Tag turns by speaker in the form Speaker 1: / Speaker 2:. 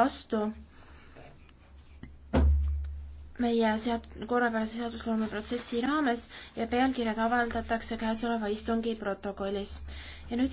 Speaker 1: vastu meie sead-, korrapärase seadusloome protsessi raames ja pealkirjad avaldatakse käesoleva istungi protokollis.
Speaker 2: ja nüüd